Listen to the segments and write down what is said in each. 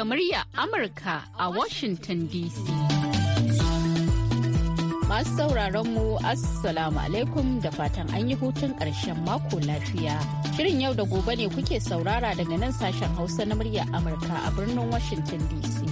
daga murya Amurka a Washington DC. Masu sauraron mu Assalamu alaikum da fatan an yi hutun ƙarshen mako lafiya. Shirin yau da gobe ne kuke saurara daga nan sashen Hausa na murya Amurka a birnin Washington DC.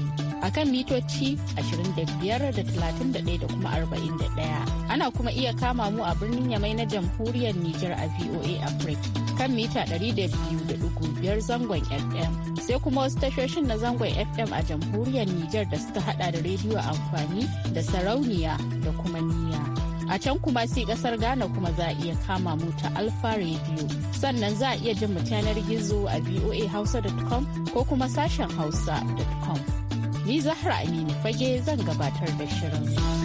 A kan mitoci 25 da da kuma 41. Ana kuma iya kama mu a birnin Yamai na jamhuriyar Nijar a VOA Africa kan mita 200.5 zangon FM. Sai kuma wasu tashoshin na zangon FM a jamhuriyar Nijar da suka hada da rediyo amfani da sarauniya da kuma niya. A can kuma sai kasar Ghana kuma za a iya kama mu ta Alfa rediyo Sannan za a iya jin mu yanar gizo a voa Hausa.com ko kuma sashen hausa.com. Ni Zahra amini Fage zan gabatar da shirin.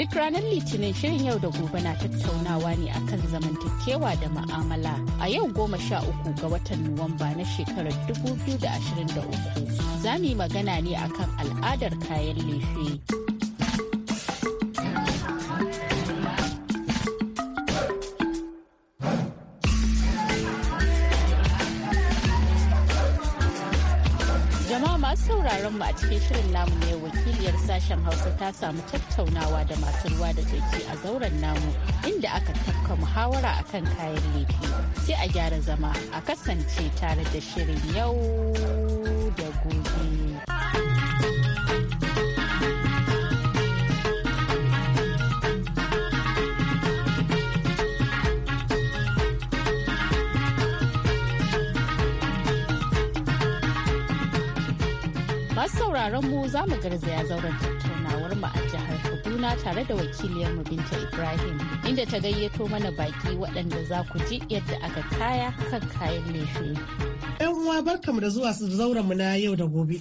duk ranar Litinin shirin yau da gobe na tattaunawa ne akan zamantakewa da ma'amala. A yau goma sha uku ga watan Nuwamba na shekarar dubu biyu da uku za mu yi magana ne akan al'adar kayan lefe. mu a cikin shirin namu ne wakiliyar sashen Hausa ta samu tattaunawa da masu ruwa da tsaki a zauren namu inda aka tafka muhawara akan kayan lefi Sai a gyara zama a kasance tare da shirin yau da gobe. Masu sauraron mu za mu garzaya zauren tattaunawar mu a jihar Kaduna tare da wakiliyar mu Binta Ibrahim inda ta gayyato mana baki waɗanda za ku ji yadda aka kaya kan kayan lefe. uwa barkamu da zuwa su zauren mu na yau da gobe.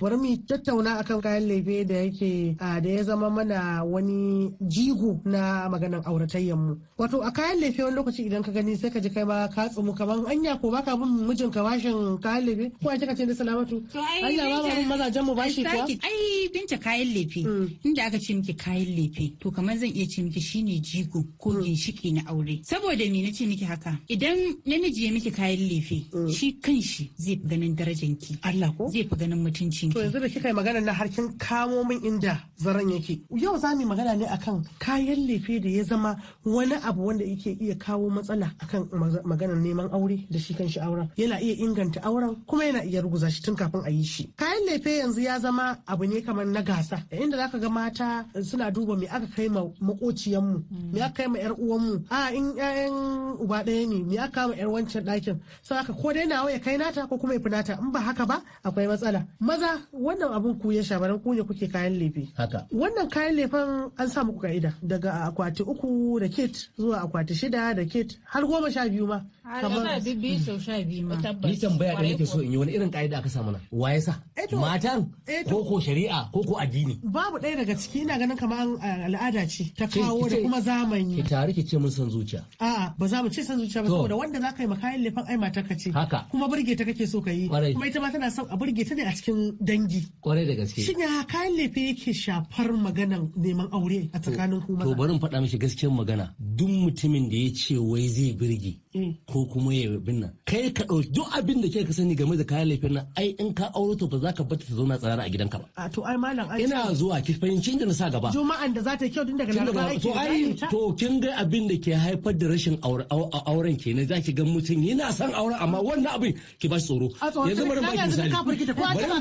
Bari mu tattauna akan kayan lefe da yake da ya zama mana wani jigo na maganan auratayyan mu. Wato a kayan lefe wani lokaci idan ka gani sai ka ji kai ma ka tsumu kaman anya ko baka bin mijin ka bashin kayan lefe ko an kika ce da salamatu. Allah ba ba mazajen mu bashi kuwa. Ai binta kayan lefe hmm. inda aka ce miki kayan lefe to kamar zan iya ce miki shine jigo ko hmm. ginshiki na aure. Saboda me nace miki haka idan namiji ya miki kayan lefe mm. shi kan shi zai fi ganin darajan ki Allah ko zai fi ganin mutuncin ki to yanzu da kika yi magana na harkin kamo min inda zaran yake yau za mu magana ne akan kayan lefe da ya zama wani abu wanda yake iya kawo matsala akan maganar neman aure da shi kan shi auren yana iya inganta auren kuma yana iya ruguza shi tun kafin a yi shi kayan lefe yanzu ya zama abu ne kamar na gasa inda zaka ga mata suna duba me aka kai ma makociyan mu me aka kai ma yar uwan mu a in ƴaƴan uba ɗaya ne me aka kama yar wancan ɗakin sau haka ko dai nawa ya kai nata ko kuma ya in ba haka ba akwai matsala maza wannan abun ku ya shabaran ku ne kuke kayan lefe haka wannan kayan lefen an sa muku ka'ida daga akwati uku da kit zuwa akwati shida da kit har goma sha biyu ma kamar bibi sau sha biyu ma ni tambaya da nake so in yi wani irin ka'ida aka sa mana wa ya sa eh matan eh ko ko shari'a ko ko addini babu ɗaya daga ciki ina ganin kamar al'ada ce ta kawo da kuma zamani ki tare ki ce mun san zuciya a'a ba za mu ce san zuciya ba saboda wanda za ka yi makayan lefan ai matar ka ce haka kuma burge ta kake so ka yi kuma ita ma tana son a burge ta ne a cikin dangi kwarai da gaske shin ya kayan lefe yake shafar maganan neman aure a tsakanin ku maza to bari in faɗa miki gaskiyar magana duk mutumin da ya ce wai zai birge ko kuma ya bin nan kai ka ɗauki duk abin da ke ka sani game da kayan laifin nan ai in ka auro to ba za ka bata ta zauna tsara a gidanka ba a to ai malam ai ina zuwa ki fahimci inda na sa gaba juma'an da za ta kyau tun daga laraba aiki to ai to kin ga abin da ke haifar da rashin auren kenan za ki ga mutum yana son auren amma wannan abin ki ba shi tsoro yanzu bari ba misali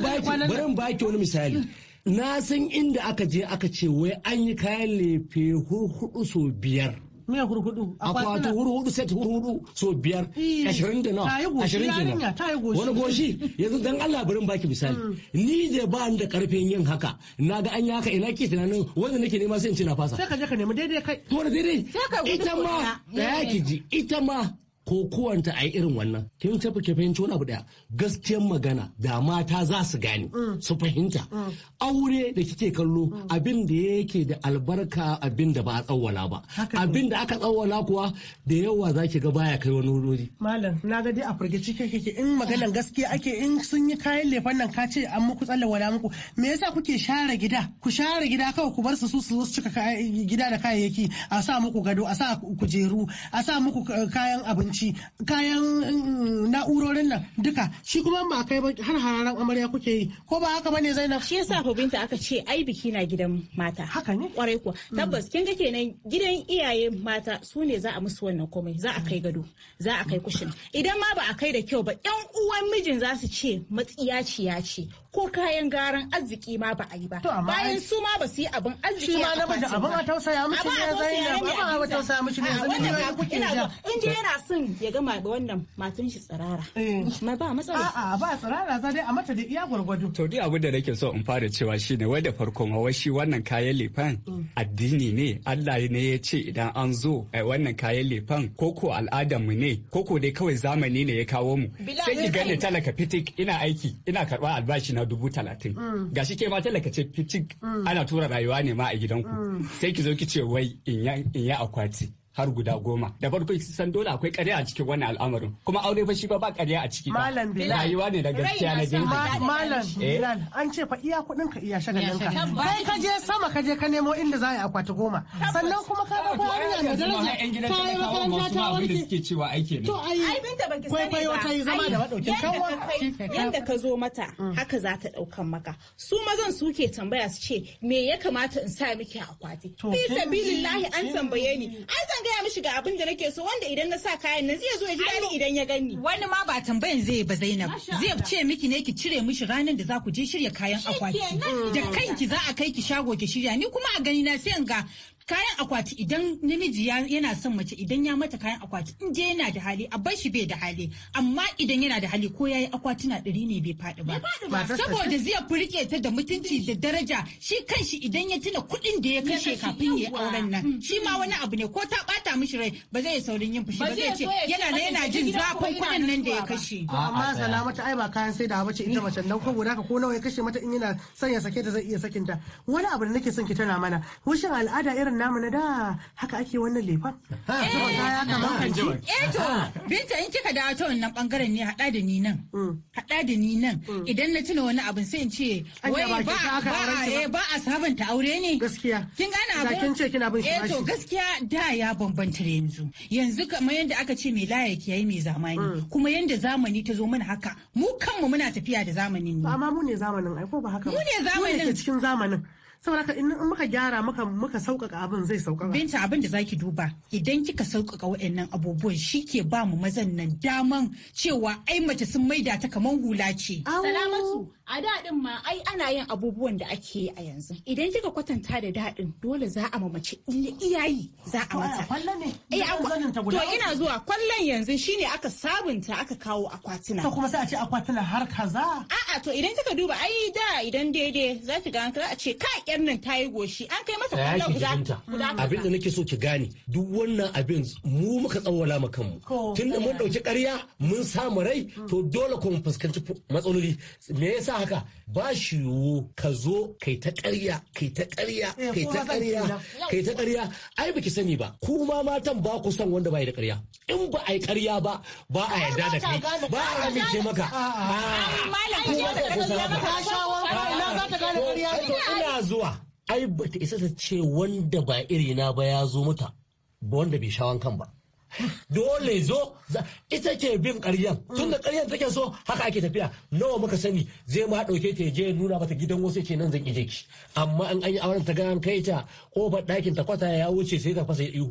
bari ba ki wani misali na san inda aka je aka ce wai an yi kayan lefe hudu so biyar me hurhudu akwati hurhudu set hurhudu so biyar ashirin da nawa ashirin kenan wani goshi yanzu dan Allah barin baki misali mm. ni da ba da karfin yin haka na ga an yi haka ina ke tunanin wanda nake nema sai in ci na fasa sai ka je ka nemi daidai kai to daidai ita ma da ya ki ji ita ma ko kowanta a yi irin wannan kin tafi ke fahimci wani abu daya gaskiyan magana da mata za su gane mm. su fahimta mm. aure da kike kallo mm. abin da yake da albarka abin da ba a tsawwala ba abin da aka tsawwala kuwa da yawa za ki ga baya kai wani wuri malam na ga dai a firgici kai kake in maganan gaskiya ake in sun yi kayan lefan nan ka ce an muku wala muku me yasa kuke share gida ku share gida kawai ku bar su su su cika gida da kayayyaki a sa muku gado a sa kujeru a sa muku eh, kayan abinci shi kayan mm, na'urorin nan duka shi kuma ba kai ba har hararan amarya kuke yi ko ba haka bane zainab shi yasa ko binta aka ce ai biki na gidan mata haka ne kwarai kuwa mm. tabbas kin ga kenan gidan iyaye mata su ne za a musu wannan komai za a kai gado za a kai kushin idan ma ba a kai da kyau ba yan uwan mijin za su ce ya ce ko kayan garan arziki ma ba a yi ba bayan su ma ba su yi abin arziki a ba abin a tausaya mishi ne zainab ba a tausaya mishi ne zainab ina in je yana son son ya gama ga wannan matun shi tsirara. Eh. Ma ba matsala. A ba tsirara za dai a mata da iya gwargwado. To dai abin da nake so in fara cewa shine wai da farkon hawa shi wannan kayan lefan mm. addini ne Allah ne ya ce idan an zo eh, wannan kayan lefan koko al'adar mu ne koko dai kawai zamani ne ya kawo mu. Sai ki gane talaka fitik ina aiki ina karba albashi na dubu talatin. Mm. Gashi ke ma talaka ce fitik mm. ana tura rayuwa ne ma a gidanku. Sai ki zo ki ce wai in ya akwati. har guda goma da farko san dole akwai ƙarya a cikin wannan al'amarin kuma aure fa ba ba ƙarya a ciki malam bilal rayuwa ne da gaskiya na dai malam eh? bilal an ce fa iya kuɗin ka iya shagalin ka kai ka je sama ka je ka nemo inda za a yi akwati goma sannan kuma ka ga yarinya mai daraja ta yi makaranta ta warke suke cewa ne to ai baki sani ba kwaikwayo ta yi zama da madaukin kawo yanda ka zo mata mm. haka za ta ɗaukan maka su mazan suke tambaya su ce me ya kamata in sa miki akwati fi sabilillahi an tambaye ni an zan gaya mishi ga abin da nake so wanda idan na sa kayan nan zai zo ya ji daɗi idan ya gani wani ma ba tambayan zai ba Zainab zai ce miki ne ki cire mishi ranar da za ku je shirya kayan akwati da kanki za a kai ki shago ki shirya ni kuma a gani na sai ga kayan akwati idan namiji yana son mace idan ya mata kayan akwati in je yana da hali a bar shi bai da hali amma idan yana da hali ko yayi na ɗari ne bai faɗi ba saboda zai furke ta da mutunci da daraja shi kanshi idan ya tuna kuɗin da ya kashe kafin ya auren nan shi ma wani abu ne ko ta bata mishi rai ba zai saurin yin fushi ba zai ce yana nan yana jin zafin kuɗin nan da ya kashe amma mata ai ba kayan sai da bace ita mace nan ko guda ka ko nawa ya kashe mata in yana son ya sake ta zai iya sakinta wani abu da nake son ki tana mana wushin al'ada irin namu na da haka ake wannan lefan. Zuba eh, eh to, binta in kika da ta wannan bangaren ne hada da ni nan. Mm. Hada da ni nan. Mm. Idan na tuna wani abin sai in ce wai eh, ba a ta aure ne. Gaskiya. Kin gane abin? Kin ce kina bin shi. Eh to gaskiya da ya bambanta da yanzu. Yanzu kamar yadda aka ce mai layaki yayi mai zamani. Mm. Kuma yadda zamani ta zo mana haka mu kanmu muna tafiya da zamanin ne. Amma mu ne zamanin ai ko ba haka ba. Mu ne zamanin. Mu ne cikin zamanin. saboda in muka gyara muka muka sauƙaƙa abin zai sauƙaƙa binta abin da zaki duba idan kika sauƙaƙa waɗannan abubuwan shi ke ba mu mazan nan daman cewa ai mace sun maida ta kamar hula ce salamatu a daɗin ma ai ana yin abubuwan da ake yi a yanzu idan kika kwatanta da daɗin dole za a mamace iyayi za a mata eh, to ina zuwa kwallon yanzu shine aka sabunta aka kawo akwatuna to kuma sai a ce akwatuna har kaza a'a to idan kika duba ai da idan daidai za ki ga a ce ka yar nan tayi goshi an kai masa kwallon guda abin da nake so ki gane duk wannan abin mu muka tsawwala ma kanmu tunda mun dauki eh. ƙarya mun samu rai mm. to dole mu fuskanci matsaloli me yasa haka ba shi yiwu ka zo kai ta karya kai ta karya eh, kai ta karya kai ta karya ai baki sani ba kuma matan ba ku son wanda bai da karya in ba ai karya ba ba a yarda da kai ba a amince maka ina zuwa ai ba ta isa ta ce wanda ba irina ba ya zo mata wanda bai shawan kan ba dole zo ita ke bin karyan tun da karyan take so haka ake tafiya nawa muka sani zai ma dauke ta je nuna mata gidan wasu ce nan zan ije ki amma an an yi auren ta gan kai ta kofar dakin ta kwata ya wuce sai ta fasa ihu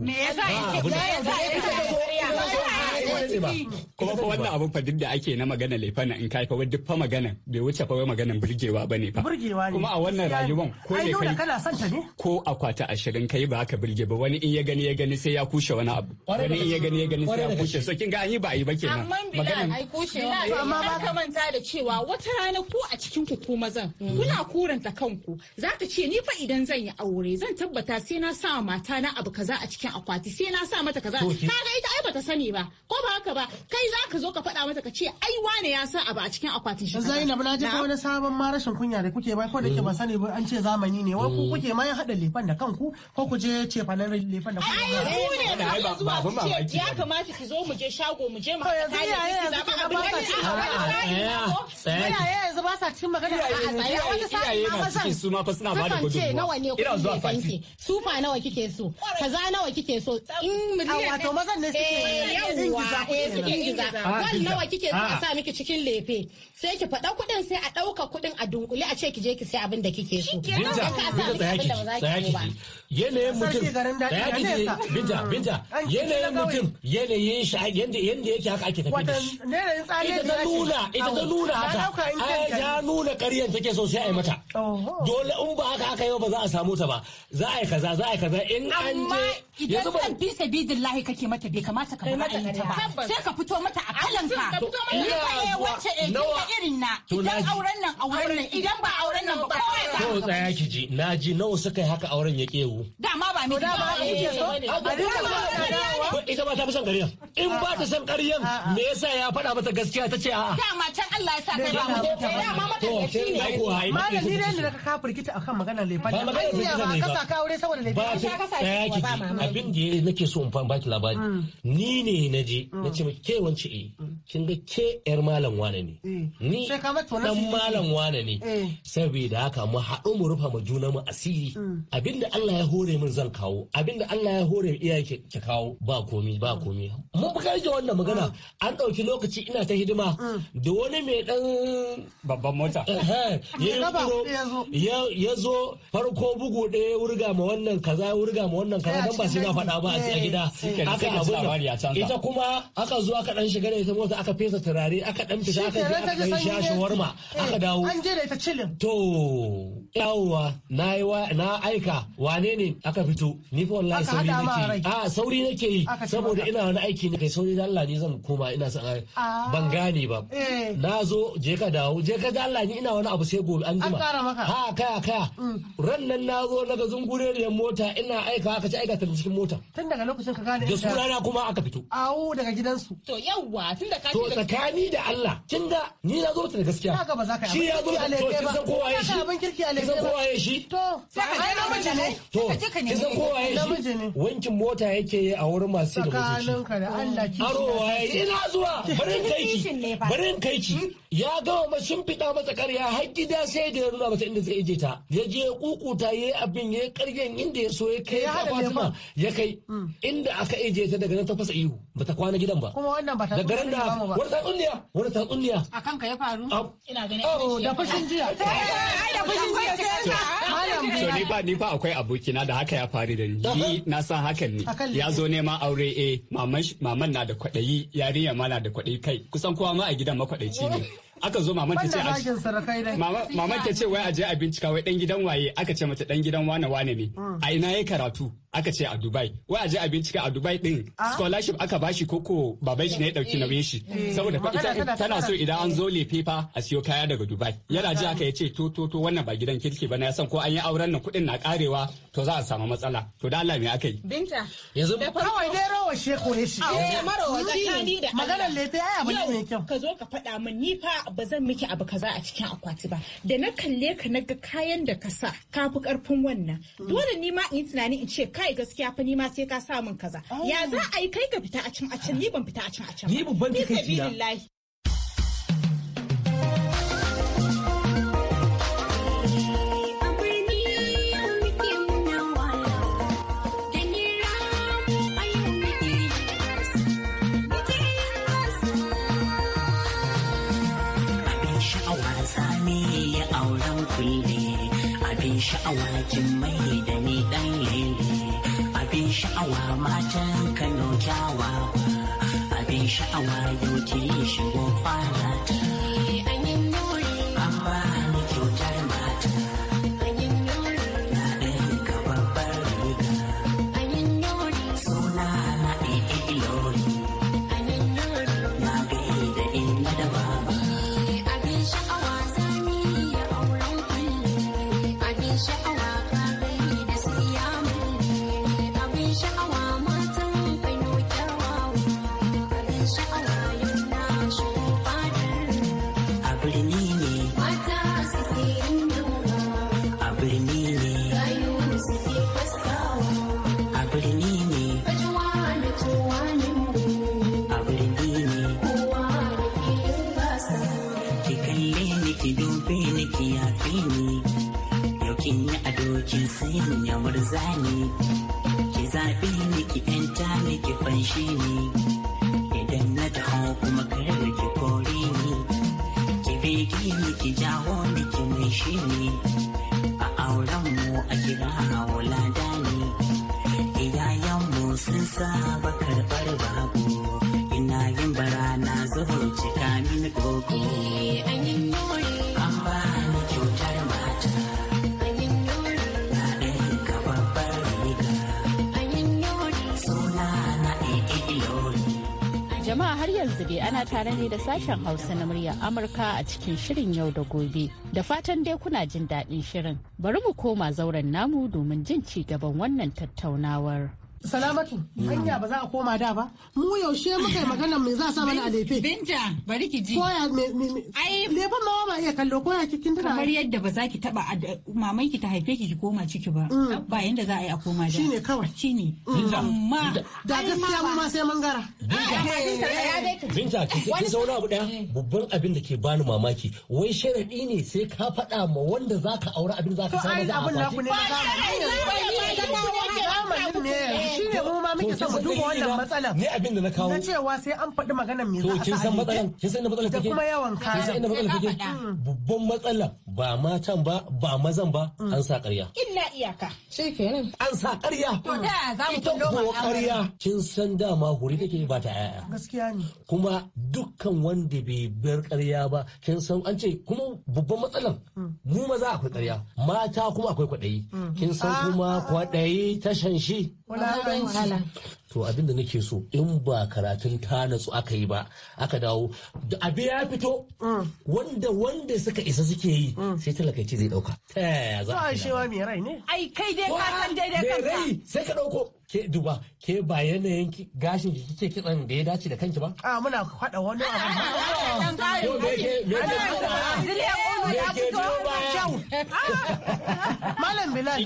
kuma fa wannan abun fa duk da ake na magana laifana in kai fa duk fa magana bai wuce fa wai maganan burgewa bane fa burgewa ne kuma a wannan rayuwan ko ne kai kana son ta ne ko akwata 20 kai ba ka burge ba wani in ya gani ya gani sai ya kushe wani abu wani in ya gani ya gani sai ya kushe so kin ga an yi ba a yi ba kenan magana ai kushewa amma ba ka manta da cewa wata rana ko a cikin ku kuma mazan mm. kuna kuranta kanku za ce ni fa idan zan yi aure zan tabbata sai na sa mata na abu kaza a cikin akwati sai na sa mata kaza kaga ita ai bata sani ba ko ba haka ba kai za ka zo ka faɗa mata ka ce ai wane ya sa abu a cikin akwatin shi Zainab na ji ko wani sabon ma rashin kunya da kuke ba ko da ke mm. ba sani ba an ce zamani ne wai ku mm. kuke ma ya hada lefan da kanku ko ku je ce fanan lefan da kanku ai ku ne da zuwa ku ce ya kamata ki zo mu je shago mu je mu kai ki zaba abin da ah, ki ya yanzu ba sa cikin magana a tsaye wani sai ma san su ma fa suna ba da gudu nawa zuwa fanki sufa nawa kike so kaza nawa kike so in miliyan wato mazan ne suke eh, yawa eh su girgiza Wani nawa kike so sa miki cikin lefe sai ki faɗa kuɗin sai a ɗauka kuɗin a dunkule a ce ki je ki sai abin da kike so binta binta yanayin mutum binta binta yanayin mutum yanayin shi yanda yanda yake haka ake tafi da shi ita ta nuna ita ta nuna haka ai ta nuna ƙaryan take so sai a yi mata dole in ba haka aka yi ba za a samu ta ba za a yi kaza za a yi kaza in an je yanzu ba bisa bidillahi kake mata bai kamata ka bar ta ba sai ka fito mata a kalanka ni ka eh wacce eh kika irin na idan auren nan auren nan idan ba auren nan ba kawai ka to tsaya ki ji na ji nawa suka yi haka auren ya kewu dama ba ni da ba ake so ita ba ta fi son ƙaryan in ba ta son ƙaryan me yasa ya faɗa mata gaskiya ta ce a'a dama can Allah ya sa kai ba mu dama mata shi ne malami ne da ka firgita akan magana lefan ba magana ba ka saka aure saboda lefan ka saka abin da nake so in fa baki labari ni ne na je 那请问，几位？kin ga ke yar malam wane ne eh. ni dan malam wane ne eh. saboda haka mu haɗu mu rufa mu juna mu asiri mm. abinda Allah ya hore min zan kawo abinda Allah ya hore iyaye ki kawo ba komi ba mm. komi mun fi ji wannan magana mm. an ɗauki lokaci ina ta hidima da wani mai dan babban mota eh, ya zo farko bugu ɗaya wurga ma wannan kaza wurga ma wannan kaza dan ba sai na faɗa ba a gida aka abin ita kuma aka zo aka dan shiga da ita waje aka fesa turare aka dan fita aka je aka kai sha shawarma aka eh, dawo an je da ita cilin to yawowa na yi na aika wane ne aka fito ni fa wallahi sauri nake a ah, sauri nake yi saboda ina wani aiki ne kai sauri da Allah ne zan koma ina san ah. ban gane ba eh. na zo je ka dawo je ka da Allah ne ina wani abu sai gobe an jima ha kaya kaya mm. ran nan na zo daga zungure da mota ina aika aka ci aika ta cikin mota tun daga lokacin ka gane da sunana kuma aka fito awo daga gidansu to yawwa tun da to tsakani da Allah kin ga ni na zo da gaskiya shi ya zo to kin san kowa shi kin san kowa ya shi to sai ka ne to kin san kowa ya shi wankin mota yake yi a wurin masu da motoci arowa ya yi ina zuwa barin kai ki barin kai ki hmm? ya gama ma sun fita masa karya har gida sai da ya nuna ta inda zai je ta ya je ya kukuta ya yi abin ya yi karyan inda ya so ya kai ya kai hmm. inda aka ije ta daga nan ta fasa ihu bata kwana gidan ba daga nan da bamu ba. Wani A kanka ya faru? Ina jiya. Ai ni ba ni fa akwai abokina da haka ya faru da ni. na san hakan ne. Ya zo neman aure eh, ma na kusan kowa ma a gidan makwadaici ne. aka zo maman ta ce maman ta ce a bincika wai dan gidan waye aka ce mata dan gidan wane wane ne hmm. a ina yayi karatu aka ce a Dubai wai a je a bincika a Dubai din ah. scholarship aka bashi koko baban shi ne ya dauki eh. nauyin shi eh. saboda ita tana so idan an zo lefe fa a siyo kaya daga Dubai yana ji ah. aka yace to to to wannan ba gidan kirki bane ya san ko an yi auren nan kudin na karewa to za a samu matsala to da Allah me aka yi binta yanzu kawai dai rawa sheko ne shi eh maro zakani da maganar lefe ai abin ne mai kyau ka zo ka faɗa min ni fa ba zan miki abu kaza a cikin akwati ba da na kalle ka naga kayan da ka sa kafi karfin wannan mm. dole ni ma in tunani in ce kai gaskiya fa ni ma sai ka sa min kaza oh. ya za a yi kai ka fita a cin a cin ni ban fita a cin a cin ni babban takaici na sha'awa ya auren kulle abin sha'awa jin mai 啊，外有几声我快乐你是你。ana tare ne da sashen Hausa na muryar Amurka a cikin shirin yau da gobe. Da fatan dai kuna jin daɗin shirin. Bari mu koma zauren namu domin jin ci gaban wannan tattaunawar. Salamatu, hanya ba za a koma da ba. Mu yaushe muka yi magana me za a sa mana a lefe. Binta, bari ki ji. Koya me me Ai lefen ma ba iya kallo koya cikin tana. Kamar yadda ba za ki taba maman ki ta haife ki ki koma ciki ba. Mm. Ba yanda za a yi a koma da. Shine kawai. Shine. Mm. Amma da gaskiya mu ma sai mun gara. Binta, ki ki zauna abu daya. Eh. Babban abin da ke bani mamaki wai sharadi ne sai ka faɗa ma wanda zaka aure abin zaka samu da abin. Ko ai abin naku ne ba musamman ne yanzu shi ne mu ma muke son mu duba wannan matsalar ne abin da na kawo na cewa sai an faɗi maganar me za a kin san matsalar kin san matsalar take kuma yawan kaya kin san inda matsalar take mm. babban matsala ba matan ba ba mazan ba mm. an sa ƙarya illa iyaka kenan. an sa ƙarya to da za mu kullo ma ƙarya kin san dama huri take ba ta yaya gaskiya ne kuma dukkan wanda bai bar ƙarya ba kin san an ce kuma babban matsalan mm. mu maza akwai ƙarya mata kuma akwai kwaɗayi kin san ah, kuma ah, ah. kwaɗayi tashan atingir To abin da nake so in ba karatun ta natsu aka yi ba aka dawo da abin ya fito mm. wanda wanda suka isa suke yi mm. sai talaka zai dauka. Ta yaya za a shewa mai rai ne? Ai kai dai ka san dai kanka. Mai sai ka dauko. Ke duba ke ba yanayin gashin ki kike kitsan da ya dace da kanki ba? A muna faɗa wani abu. Ah, ah, ah, me ke me ke Malam Bilal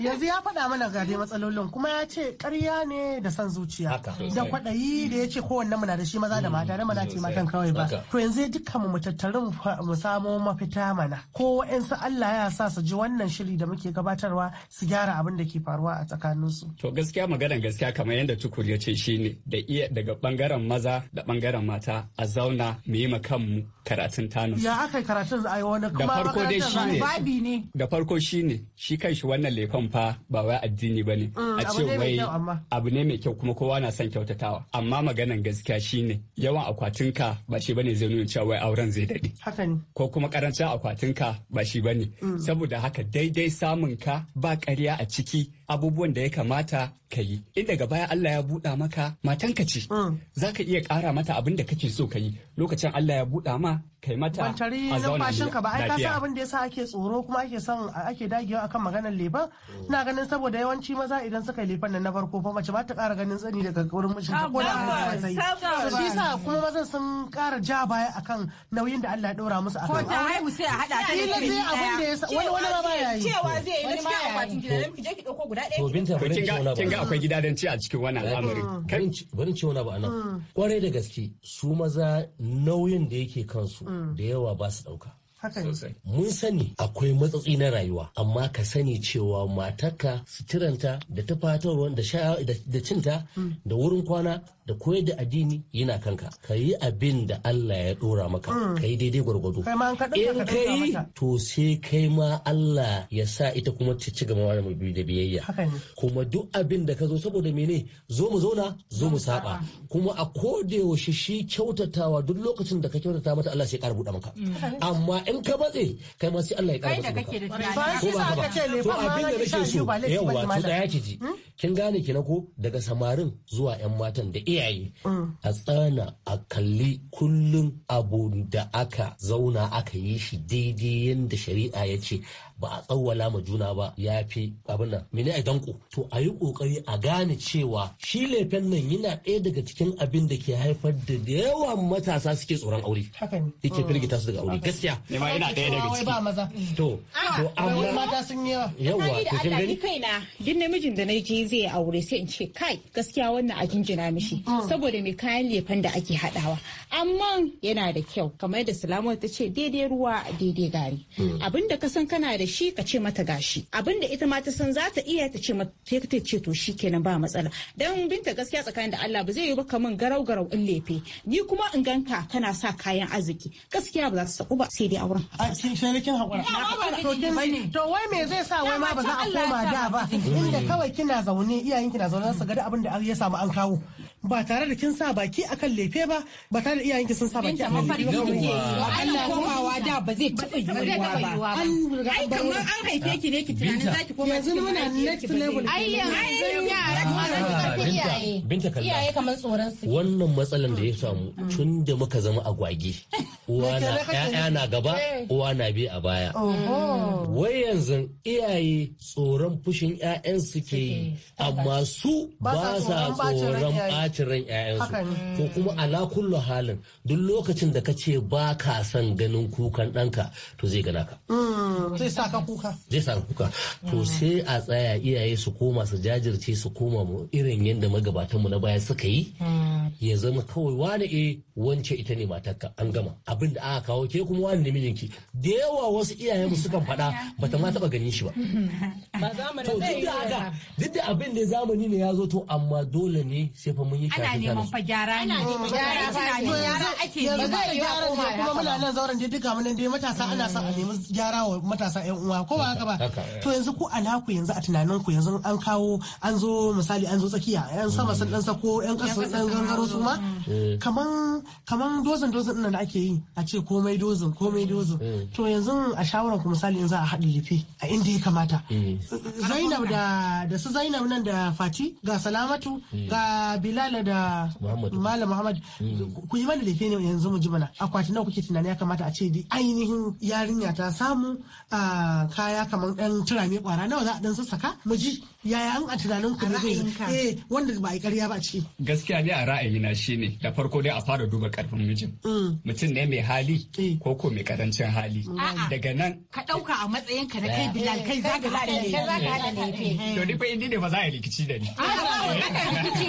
yanzu ya faɗa mana ga dai matsalolin kuma ya ce karya ne da san zuciya da kwaɗayi da ya ce kowanne muna da shi maza da mata da mana ce mm, matan kawai ba to yanzu dukkan mu tattalin mu samo mafita mana ko wa'ansu Allah ya sa su ji wannan shiri da muke gabatarwa su gyara abin da ke faruwa a tsakaninsu. To gaskiya maganan gaskiya kamar yadda tukur ya ce ne da iya daga bangaren maza da bangaren mata a zauna mu yi kanmu karatun tanu Ya aka karatun a yi wani da farko ne da farko ne shi shi wannan lefan fa ba wai addini bane mm, a ce ce abu ne mai kyau kuma kowa na son kyautatawa amma maganan gaskiya shine yawan akwatinka ba shi bane zai nuna cewa wai auren zai daɗe ko kuma karancin akwatinka ba shi bane mm. saboda haka daidai samun ka ba ƙarya a ciki abubuwan da ya kamata ka yi in daga baya Allah ya buɗa maka matanka ce mm. za ka iya ƙara mata abin da kake so ka yi lokacin Allah ya buɗa ma kai mata a zauna ka ba ai ka san abin da yasa ake tsoro kuma ake son ake dagewa akan maganar leban mm. ina ganin saboda yawanci maza idan suka yi leban nan na farko fa mace ba ta ƙara ganin tsani daga wurin mijinta ko da abin da shi yasa kuma maza sun ƙara ja baya akan nauyin da Allah ya ɗora musu a akan ko ta haihu sai a hada ta da abin da yasa wani wani ma ba ya yi cewa zai yi wani ma ya yi ki je ki dauko guda ɗaya. To binta bari ci wani abu. Kin ga akwai gidadanci a cikin wannan al'amari. Bari ah. ci wani abu a ah. Kwarai da gaske su maza nauyin da yake kansu ah. da yawa ba su ɗauka. Mun sani akwai matsatsi na rayuwa, amma ka sani cewa matarka, suturanta, da tufatarwa, da cinta, hmm. da wurin kwana, da koyar da addini yana kanka. Ka yi abin da Allah ya dora maka, hmm. ka yi daidai gwargwado. In ka yi, to sai kai ma Allah ya sa ita kuma ta ci gaba da biyayya. Kuma duk abin da ka zo saboda mene zo mu zauna zo mu saba. Kuma a koda yaushe shi kyautatawa duk lokacin da ka kyautata mata Allah sai ya ƙara buɗa maka. Hmm. Amma in ka batse kai ma sai Allah ya ƙara batse maka ko ba ka ba na shi da ba so ba to da ya ji hmm? kin gane ki na ko daga samarin zuwa yan matan da iyaye hmm. a tsana a kalli kullun abun da aka zauna aka yi shi daidai yanda shari'a ya ce ba a tsawwala ma juna ba ya fi abin nan mene a danko to a yi kokari a gane cewa shi lefen nan yana ɗaya daga cikin abin da ke haifar da da yawa matasa suke tsoron aure yake mm. firgita su daga aure gaskiya ma ina ɗaya daga ciki ba maza to ah, to amma mata sun yawa yawa to kin gani kaina duk namijin da na je zai aure sai in ce kai gaskiya wannan a jinjina mishi mm. saboda me kayan lefen da ake hadawa amma yana da kyau kamar yadda salamu ta ce daidai ruwa daidai gari mm. abinda ka san kana da da shi ka ce mata gashi abin da ita ma ta san za ta iya ta ce mata ta ce to shi kenan ba matsala dan binta gaskiya tsakanin da Allah ba zai yi ba kaman garau garau in lefe ni kuma in ganka kana sa kayan arziki gaskiya ba za ta saku ba sai dai auren a ne kin hakura to wai me zai sa wai ma ba za a koma da ba inda kawai kina zaune iyayen kina zaune su ga abin da ya samu an kawo ba tare da kin sa baki akan lefe ba ba tare da iyayen ki sun sa baki akan lefe ba Allah komawa da ba zai taba yiwuwa ba an riga an bar an haife ki ne ki tunanin zaki koma yanzu muna next level ai yanzu yara iyaye binta kallon iyaye kamar tsoron su wannan matsalan da ya samu mm. tun da muka zama agwagi uwa na ƴaƴa na gaba uwa na bi a baya mm. wai yanzu iyaye tsoron fushin ƴaƴansu su ke amma su ba sa tsoron ɓata bacin ran 'ya'yansu ko kuma ala kullu halin duk lokacin da ka ce ba ka son ganin kukan ɗanka to zai gana ka mm. zai sa ka kuka zai sa kuka to mm. sai a tsaya iyaye su koma su jajirce su koma mu irin yadda magabatan mu na baya suka yi mm. ya zama kawai wani e eh, wance ita ne matarka an gama abin da aka kawo ke kuma wani ne mijinki da yawa wasu iyayen mu sukan faɗa bata ma taɓa ganin shi ba Ba duk da haka duk da abin da zamani ne ya zo to amma dole ne sai fa mun ana neman fa gyara ne gyara gyara ake yanzu da gyara ne kuma muna nan zauren dai duka mun dai matasa ana son a nemi gyara wa matasa yan uwa ko ba haka ba eh. to yanzu ku ana ku yanzu a tunanin ku yanzu an kawo an zo misali an zo tsakiya yan sama sun dan sako yan kasa sun dan gangaro su ma mm. eh. kaman kaman dozin dozin nan da ake yi a ce komai dozin komai dozin eh. to yanzu a shawaran ku misali yanzu za a haɗa lefe a inda ya kamata Zainab da da su Zainab nan da Fati ga Salamatu ga Bilal Sale da Malam Muhammad mm. ku yi mana laifi ne yanzu mu ji mana akwati nawa kuke tunani ya kamata a ce di ainihin yarinya ta samu kaya kamar dan turame kwara nawa za a dan sassaka mu ji yaya an a tunanin ku ne eh wanda ba a yi ƙarya ba ce gaskiya ne a ra'ayina shine da farko dai a fara duba karfin mijin mm. mutum ne mai hali eh. ko ko mai karancin hali daga nan ka dauka a matsayin ka na eh. kai bilal kai zaka zaka ne to ni fa indi ne ba za a rikici da ni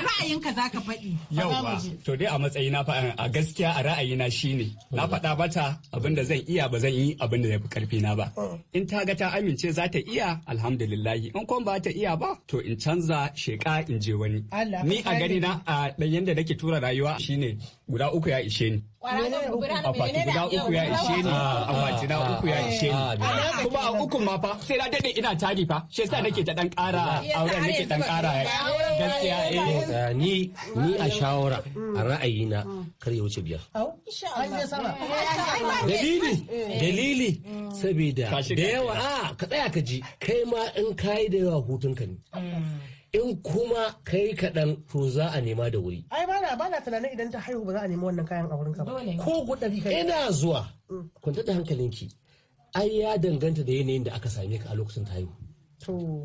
ra'ayin ka za yau ka faɗi. Yauwa, to dai a matsayi na a gaskiya a ra'ayina ne na faɗa bata abin da zan iya ba zan yi abin da ya fi karfi na ba. Oh. In ta ga ta amince za ta iya alhamdulillahi in kuma ba ta iya ba to in canza sheka in je wani. Ni a gani na a ɗan da nake tura rayuwa shine guda uku ya ishe ni. akwati guda uku ya ishe ni akwati na uku ya ishe ni kuma a uku ma fa sai na dade ina tari fa shi yasa nake ta dan kara auren nake dan kara gaskiya eh ni ni a shawara a ra'ayina kar ya wuce biyar dalili eh. dalili mm. saboda da yawa a ka tsaya ka ji kai ma in kai da yawa hutunka. ne mm. in kuma kai kaɗan to za a nema da wuri. Ai bana bana tunanin idan ta haihu ba za a nema wannan kayan a wurin ka ba. Ko gudari kai. Ina zuwa. Mm. Kun da hankalinki. Ai ya danganta da yanayin da aka same ka a lokacin ta haihu.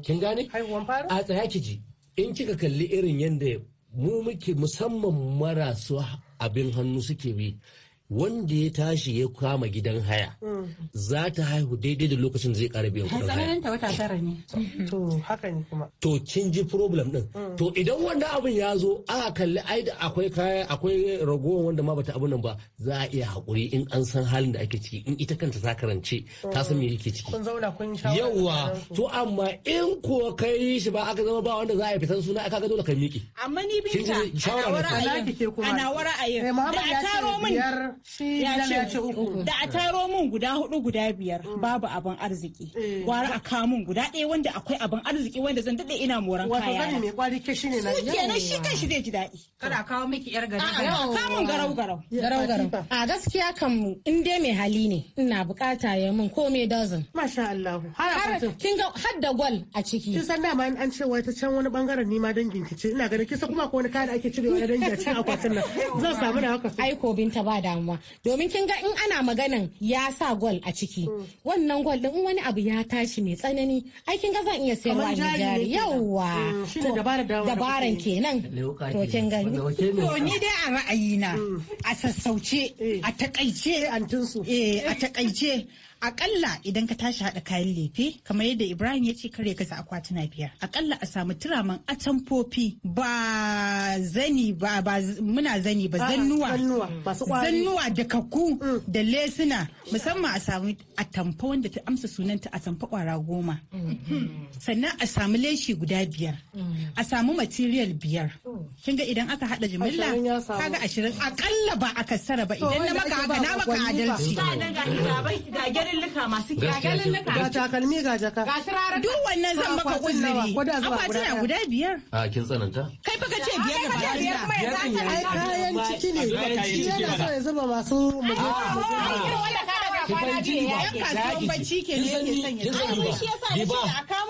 Kin gane? Haihuwan fara? A tsaya ki ji. In kika kalli irin yadda mu muke musamman marasu abin hannu suke bi wanda ya tashi ya kama gidan haya za ta haihu daidai da lokacin zai kara biyan kuɗin haya. ta wata tara ne. To haka ne kuma. To kin ji problem din. To idan wanda abin ya zo aka kalli ai da akwai kaya akwai ragowar wanda ma bata abin nan ba za a iya haƙuri in an san halin da ake ciki in ita kanta ta karance ta san me yake ciki. Kun zauna kun sha. Yawwa to amma in ko kai shi ba aka zama ba wanda za a fita fitan suna aka ga dole ka miki. Amma ni binta ana wara ayin. Ana wara eh, ayin. Da ya taro biyar. ya ce uku da a taro mun guda hudu guda biyar mm. babu abin arziki eh. gwara a kamun guda ɗaya wanda akwai abin arziki wanda zan daɗe ina moran kaya wato gani mai kwari ke ne na kenan shi kan shi zai ji daɗi kada a kawo miki yar gari a kamun garau garau garau garau a gaskiya kan mu in dai mai hali ne ina bukata ya mun ko me dozen masha Allah har kin ga har da gwal a ciki kin san dama an ce wai ta can wani bangaren ni ma dangin ki ce ina ganin kisa kuma ko wani kada ake cirewa dangi a cikin akwatin nan zan samu da haka ai ko binta ba damu damuwa domin kin ga in ana maganan ya sa gol a ciki mm. wannan gol din wani abu ya tashi mai tsanani ai kin ga zan iya sayarwa ni jari yawa mm, to dabaran kenan to kin ga to ni dai a ra'ayina mm. a sassauce eh. a takaice eh, a takaice akalla idan ka tashi haɗa kayan lefe kamar yadda ibrahim ya ce kare kasa akwatuna biyar akalla a samu turaman atamfofi ba zani ba ba muna zani ba zannuwa zannuwa da kaku mm. da lesuna musamman a samu atamfa wanda ta amsa sunanta atamfa kwara goma mm-hmm. sannan a samu leshi guda biyar mm. a samu material biyar mm. kin ga idan aka haɗa jimilla kaga ashirin akalla ba a kasara ba idan na maka haka na maka adalci galillika masu galillika ga takalmi ga jaka ga turare duk wannan zan maka uzuri na guda biyar a kin tsananta kai fa biyar da biyar ai kayan ciki ne yana so ya zuba masu mujalla yan kasuwan bacci ke ne yake sanya shi yasa shi a kama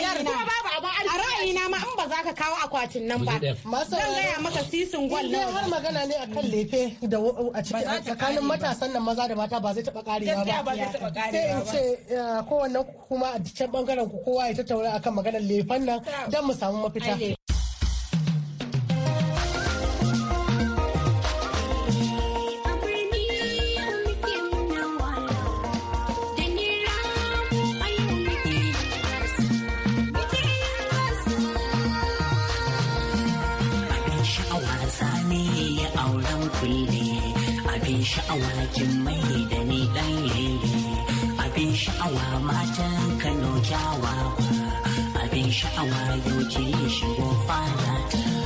ra'ayina a ra'ayina ma in ba za ka kawo akwatin nan ba zan gaya maka sisin gwal na har magana ne akan lefe da a cikin tsakanin matasan nan maza da mata ba zai taba karewa ba sai in ce kowanne kuma a cikin bangaren ku kowa ya tattauna akan maganar lefen nan don mu samu mafita sha'awa kin mai da ni dan lele abin sha'awa matan Kano kyawawa abin sha'awa yau ki shigo fara ta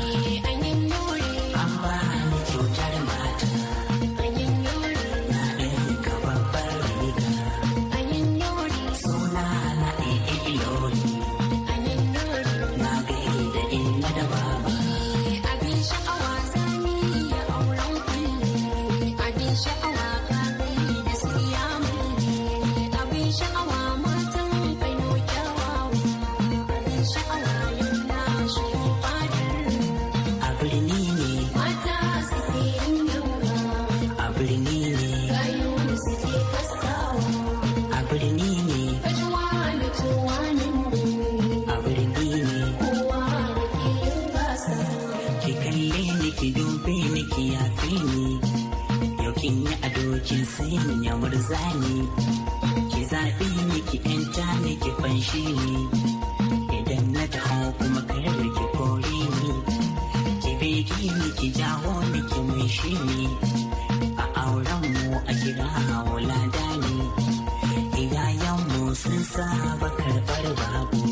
sun saba karbar babu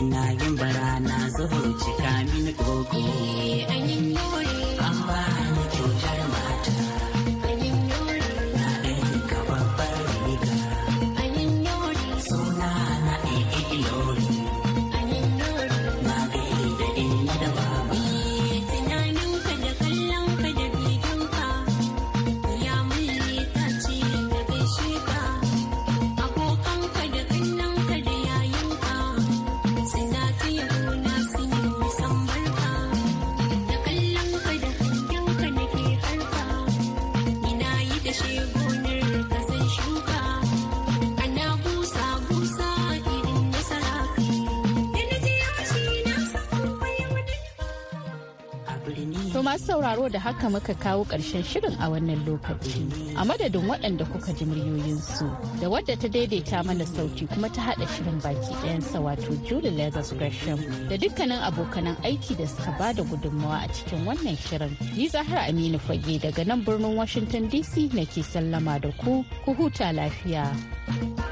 ina yin barana na zuhur cika mini gogo. sauraro da haka muka kawo ƙarshen shirin a wannan lokaci. A madadin waɗanda kuka ji muryoyinsu da wadda ta daidaita mana sauti kuma ta haɗa shirin baki ɗayansa wato Julie Lazarus Gresham da dukkanin abokanan aiki da suka ba da gudunmawa a cikin wannan shirin. Ni Zahra Aminu Fage daga nan birnin Washington DC na ke sallama da ku, ku huta lafiya.